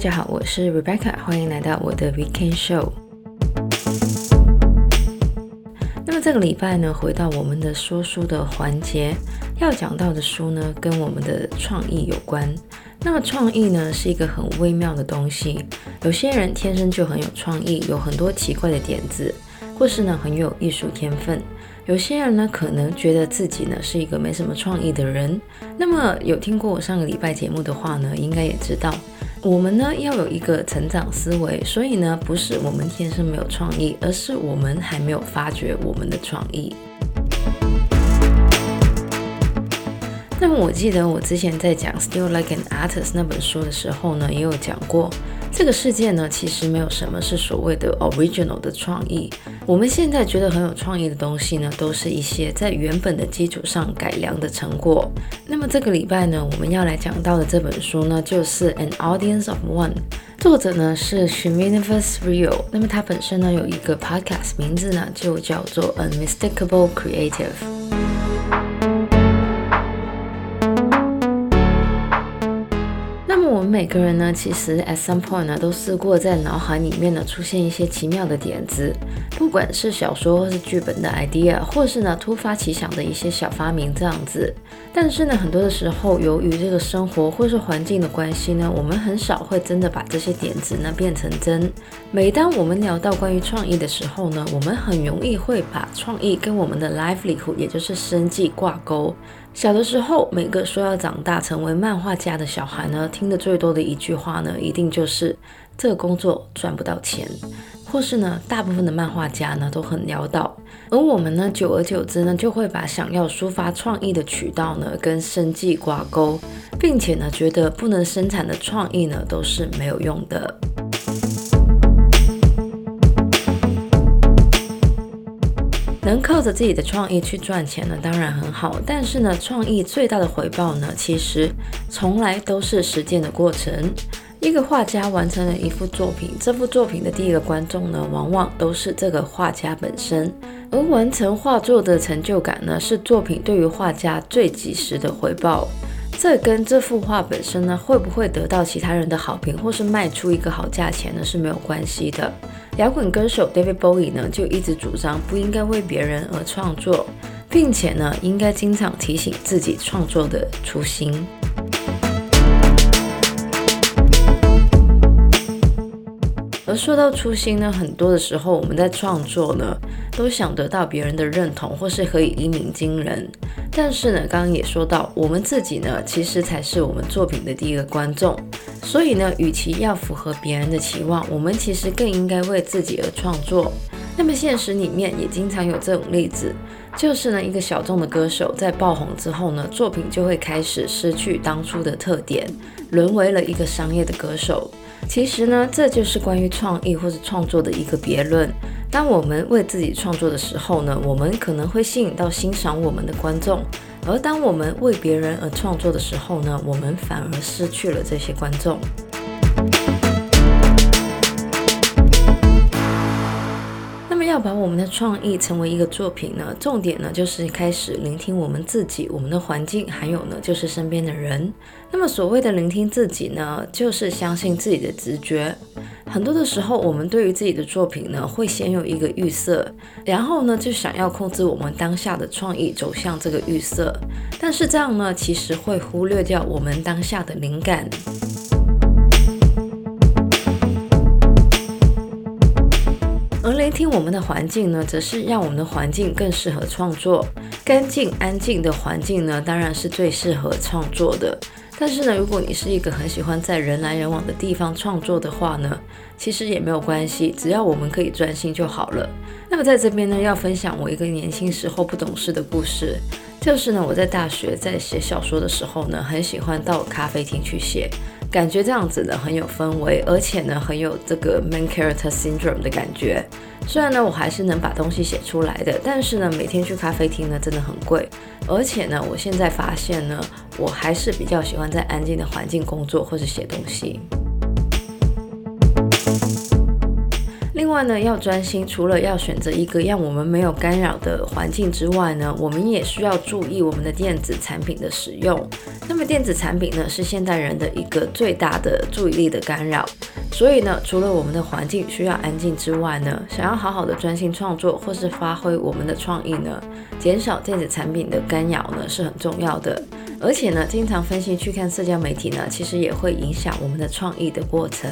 大家好，我是 Rebecca，歡迎來到我的 Weekend Show。那麼這個禮拜呢，回到我們的說書的環節，要講到的書呢，跟我們的創意有關。那麼創意呢，是一個很微妙的東西。有些人天生就很有創意，有很多奇怪的點子，或是呢很有藝術天分。有些人呢，可能覺得自己呢是一個沒什麼創意的人。那麼有聽過我上個禮拜節目的話呢，應該也知道。我們呢要有一個成長思維，所以呢不是我們天生沒有創意，而是我們還沒有發掘我們的創意。那麼我記得我之前在講《Still Like an Artist》那本書的時候呢，也有講過。這個世界呢，其實沒有什麼是所謂的 original 的創意。我們現在覺得很有創意的東西呢，都是一些在原本的基礎上改良的成果。那麼這個禮拜呢，我們要來講到的這本書呢，就是 An Audience of One，作者呢是 Srinivas Rao，那麼他本身呢有一個 podcast，名字呢就叫做 Unmistakable Creative。我們每個人呢，其實 at some point 呢，都試過在腦海裡面呢出現一些奇妙的點子，不管是小說或是劇本的 idea，或是呢突發奇想的一些小發明這樣子。但是呢，很多的時候，由於這個生活或是環境的關係呢，我們很少會真的把這些點子呢變成真。每當我們聊到關於創意的時候呢，我們很容易會把創意跟我們的 life 也就是生計掛鈎。小的時候，每個說要長大成為漫畫家的小孩呢，聽得最多的一句話呢，一定就是這個工作賺不到錢，或是呢，大部分的漫畫家呢都很潦倒。而我們呢，久而久之呢，就會把想要抒發創意的渠道呢，跟生計掛鈎，並且呢，覺得不能生產的創意呢，都是沒有用的。能靠着自己的創意去賺錢呢，當然很好。但是呢，創意最大的回報呢，其實從來都是實踐的過程。一個畫家完成了一幅作品，這幅作品的第一個觀眾呢，往往都是這個畫家本身。而完成畫作的成就感呢，是作品對於畫家最及時的回報。這跟這幅畫本身呢，會不會得到其他人的好評，或是賣出一個好價錢呢，是沒有關係的。搖滾歌手 David Bowie 呢，就一直主張不應該為別人而創作，並且呢，應該經常提醒自己創作的初心。而說到初心呢，很多的時候我們在創作呢，都想得到別人的認同，或是可以一鳴驚人。但是呢，剛剛也說到，我們自己呢，其實才是我們作品的第一個觀眾。所以呢，與其要符合別人的期望，我們其實更應該為自己而創作。那麼現實裡面也經常有這種例子。就是呢，一個小眾的歌手在爆紅之後呢，作品就會開始失去當初的特點，淪為了一個商業的歌手。其實呢，這就是關於創意或者創作的一個別論。當我們為自己創作的時候呢，我們可能會吸引到欣賞我們的觀眾；而當我們為別人而創作的時候呢，我們反而失去了這些觀眾。那麼要把我們的創意成為一個作品呢，重點呢就是開始聆聽我們自己、我們的環境，還有呢就是身邊的人。那麼所謂的聆聽自己呢，就是相信自己的直覺。很多的時候，我們對於自己的作品呢，會先有一個預設，然後呢就想要控制我們當下的創意走向這個預設，但是這樣呢，其實會忽略掉我們當下的靈感。聽我們的環境呢，則是讓我們的環境更適合創作。乾淨安靜的環境呢，當然是最適合創作的。但是呢，如果你是一個很喜歡在人來人往的地方創作的話呢，其實也沒有關係，只要我們可以專心就好了。那麼在這邊呢，要分享我一個年輕時候不懂事的故事，就是呢，我在大學在寫小說的時候呢，很喜歡到咖啡廳去寫。感覺這樣子呢很有氛圍，而且呢很有這個 main character syndrome 的感覺。雖然呢我還是能把東西寫出來的，但是呢每天去咖啡廳呢真的很貴，而且呢我現在發現呢我還是比較喜歡在安靜的環境工作或是寫東西。另外呢，要專心，除了要選擇一個讓我們沒有干擾的環境之外呢，我們也需要注意我們的電子產品的使用。那麼電子產品呢，是現代人的一個最大的注意力的干擾。所以呢，除了我們的環境需要安靜之外呢，想要好好的專心創作或是發揮我們的創意呢，減少電子產品的干擾呢，是很重要的。而且呢，經常分心去看社交媒體呢，其實也會影響我們的創意的過程。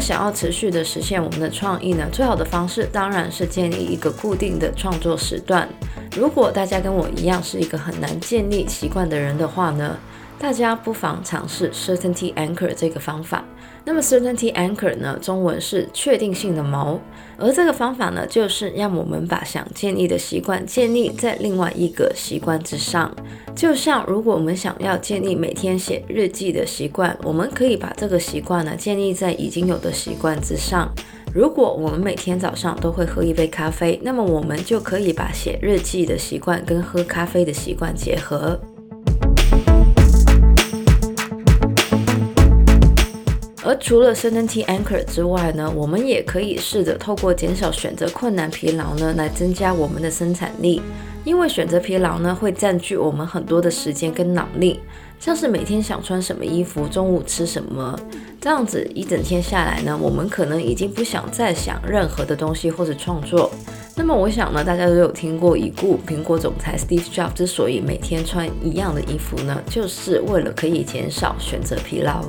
想要持續的實現我們的創意呢，最好的方式當然是建立一個固定的創作時段。如果大家跟我一樣是一個很難建立習慣的人的話呢，大家不妨嘗試 Certainty Anchor 這個方法。那麼 Certainty Anchor 呢，中文是確定性的錨。而這個方法呢，就是讓我們把想建立的習慣建立在另外一個習慣之上。就像如果我們想要建立每天寫日記的習慣，我們可以把這個習慣呢建立在已經有的習慣之上。如果我們每天早上都會喝一杯咖啡，那麼我們就可以把寫日記的習慣跟喝咖啡的習慣結合。而除了生 n t anchor 之外呢，我們也可以試着透過減少選擇困難疲勞呢，來增加我們的生產力。因為選擇疲勞呢，會佔據我們很多的時間跟腦力，像是每天想穿什麼衣服，中午吃什麼，這樣子一整天下來呢，我們可能已經不想再想任何的東西或者創作。那麼我想呢，大家都有聽過已故蘋果總裁 Steve Jobs 之所以每天穿一樣的衣服呢，就是為了可以減少選擇疲勞。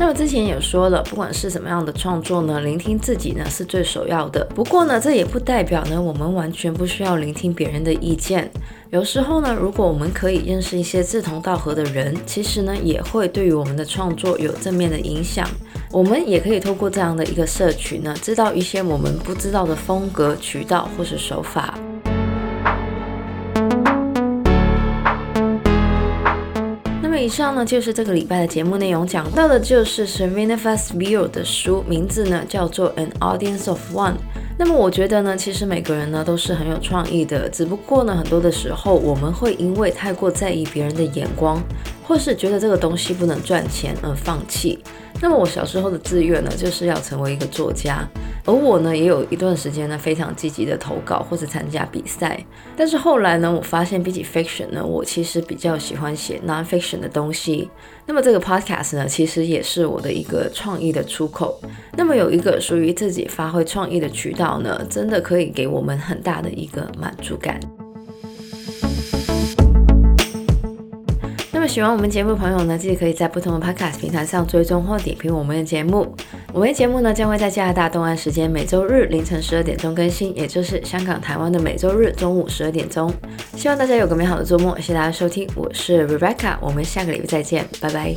那我之前也說了，不管是什麼樣的創作呢，聆聽自己呢是最首要的。不過呢，這也不代表呢，我們完全不需要聆聽別人的意見。有時候呢，如果我們可以認識一些志同道合的人，其實呢，也會對於我們的創作有正面的影響。我們也可以透過這樣的一個社群呢，知道一些我們不知道的風格、渠道或是手法。以上呢就是這個禮拜的節目內容，講到的就是 Srinivas Rao 的書，名字呢叫做《An Audience of One》。那麼我覺得呢，其實每個人呢都是很有創意的，只不過呢，很多的時候我們會因為太過在意別人的眼光，或是覺得這個東西不能賺錢而放棄。那麼我小時候的志願呢，就是要成為一個作家。而我呢，也有一段時間呢，非常積極的投稿或者參加比賽。但是後來呢，我發現比起 fiction 呢，我其實比較喜歡寫 nonfiction 的東西。那麼這個 podcast 呢，其實也是我的一個創意的出口。那麼有一個屬於自己發揮創意的渠道呢，真的可以給我們很大的一個滿足感。嗯。那麼喜歡我們節目的朋友呢，自己可以在不同的 podcast 平台上追蹤或點評我們的節目。我們的節目呢，將會在加拿大東岸時間每周日凌晨十二點鐘更新，也就是香港、台灣的每周日中午十二點鐘。希望大家有個美好的周末，謝謝大家收聽，我是 Rebecca，我們下個禮拜再見，拜拜。